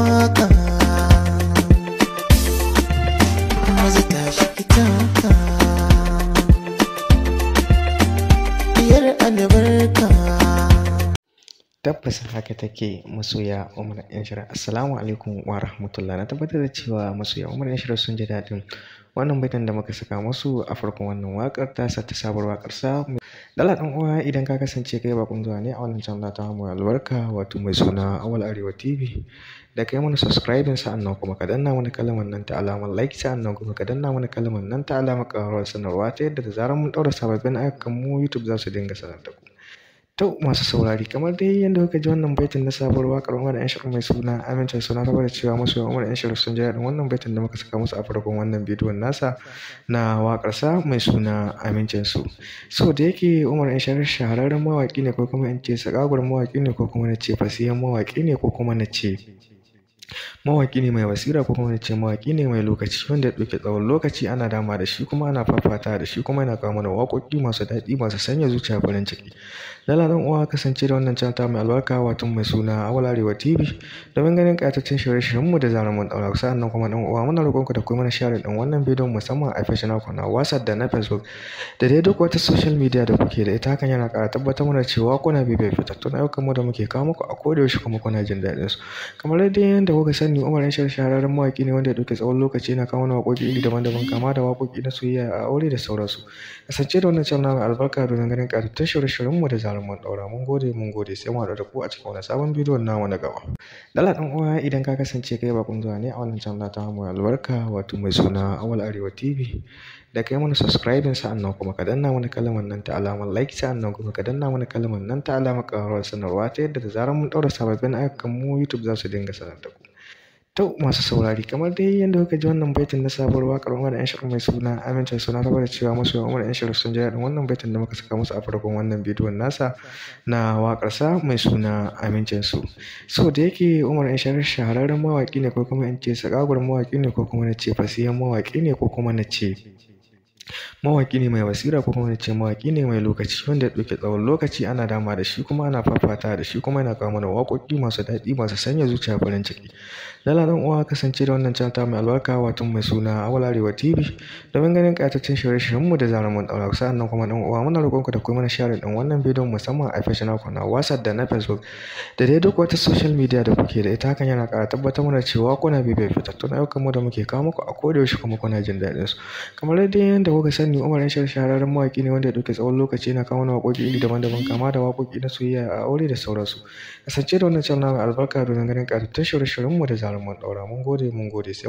waka maza tabbas haka take masoya umar yan shirar assalamu alaikum wa rahmatullah na tabbatar da cewa masoya umar yan shirar sun ji daɗin wannan baitin da muka saka musu a farkon wannan wakar ta sa ta sabar wakar sa dala dan uwa idan ka kasance kai baƙon zuwa ne a wannan channel ta mu albarka wato mai suna awal arewa tv da kai mana subscribing sa'annan kuma ka danna mana kalmar nan ta alamar like sa'annan kuma ka danna mana kalmar nan ta alamar karuwar sanarwa ta yadda da zarar mun daura sababbin ayyukan mu youtube za su dinga sanar da ku To masu saurari kamar dai yadda kuka ji wannan baitin na sabuwar waƙar Umar ɗan shirin mai suna amincin suna da cewa masu yawan Umar ɗan shirin sun ji daɗin wannan baitin da muka saka musu a farkon wannan bidiyon nasa na waƙar sa mai suna amincin su. So da yake Umar ɗan shirin shahararren mawaƙi ne ko kuma in ce sagagwar mawaƙi ne ko kuma na ce fasiyan mawaƙi ne ko kuma na ce mawaƙi ne mai basira ko kuma na ce mawaƙi ne mai lokaci wanda ya ɗauke tsawon lokaci ana dama da shi kuma ana fafata da shi kuma yana kawo mana waƙoƙi masu daɗi masu sanya zuciya farin ciki Lala uwa kasance da wannan canta mai albarka wato mai suna awalarewa TV domin ganin kayatattun shirye-shiryen mu da zaran mun daura kusa annan kuma dan uwa muna roƙon da kuma mana share din wannan bidiyon musamman a fashion Facebook na WhatsApp da na Facebook da dai duk wata social media da kuke da ita hakan yana ƙara tabbatar mana cewa kuna bibiyar fitattun ayyukan mu da muke kawo muku a koda yaushe kuma kuna jin daɗin su kamar dai yadda kuka sani Umar Yan shahararren mawaƙi ne wanda ya ɗauki tsawon lokaci yana kawo mana waƙoƙi iri daban-daban kama da waƙoƙi na soyayya a aure da sauransu kasance da wannan canta mai albarka domin ganin kayatattun shirye-shiryen mu da jarin mun daura mun gode mun gode sai mu haɗu da ku a cikin wani sabon bidiyo namu na gaba dala dan uwa idan ka kasance kai bakon zuwa ne a wannan channel ta mu albarka wato mai suna awal arewa tv da kai mana subscribing sa'annan kuma ka danna mana kalmar nan ta alamar like sa'annan kuma ka danna mana kalmar nan ta alamar ƙararrawar sanarwa ta yadda da zarar mun daura sababbin ayyukan mu youtube za su dinga sanar da ku To masu saurari kamar dai yadda kuka ji wannan baitin na sabuwar wakar Umar yan shirin mai suna amincin suna saboda cewa masu yawan Umar yan shirin sun ji daɗin wannan baitin da muka saka musu a farkon wannan bidiyon nasa na wakarsa mai suna amince su. So da yake Umar yan shirin shahararren mawaƙi ne ko kuma in ce sakagwar mawaƙi ne ko kuma na ce fasiyan mawaƙi ne ko kuma na ce mawaƙi ne mai basira ko kuma ce mawaƙi ne mai lokaci wanda ya ɗauki tsawon lokaci ana dama da shi kuma ana fafata da shi kuma yana kawo mana waƙoƙi masu daɗi masu sanya zuciya farin ciki lala dan uwa kasance da wannan canta mai albarka wato mai suna awal arewa tv domin ganin ƙayataccen shirye-shiryen mu da zaran mun ɗaura sa'an nan kuma dan uwa muna roƙon ku da kuma mana share ɗin wannan bidiyon musamman a fashion ku na whatsapp da na facebook da dai duk wata social media da kuke da ita hakan yana ƙara tabbatar mana cewa kuna bibiyar fitattun ayyukan mu da muke kawo muku a kodayaushe kuma kuna jin daɗin su kamar dai yadda kuka sani Umar Yashar shahararren mawaƙi ne wanda ya dauke tsawon lokaci yana kawo waƙoƙi iri daban-daban kama da waƙoƙi na soyayya a aure da sauransu. Kasance da wannan channel albarka don ganin ƙarin shirye shiryenmu mu da zaluman ɗaura. Mun gode mun gode sai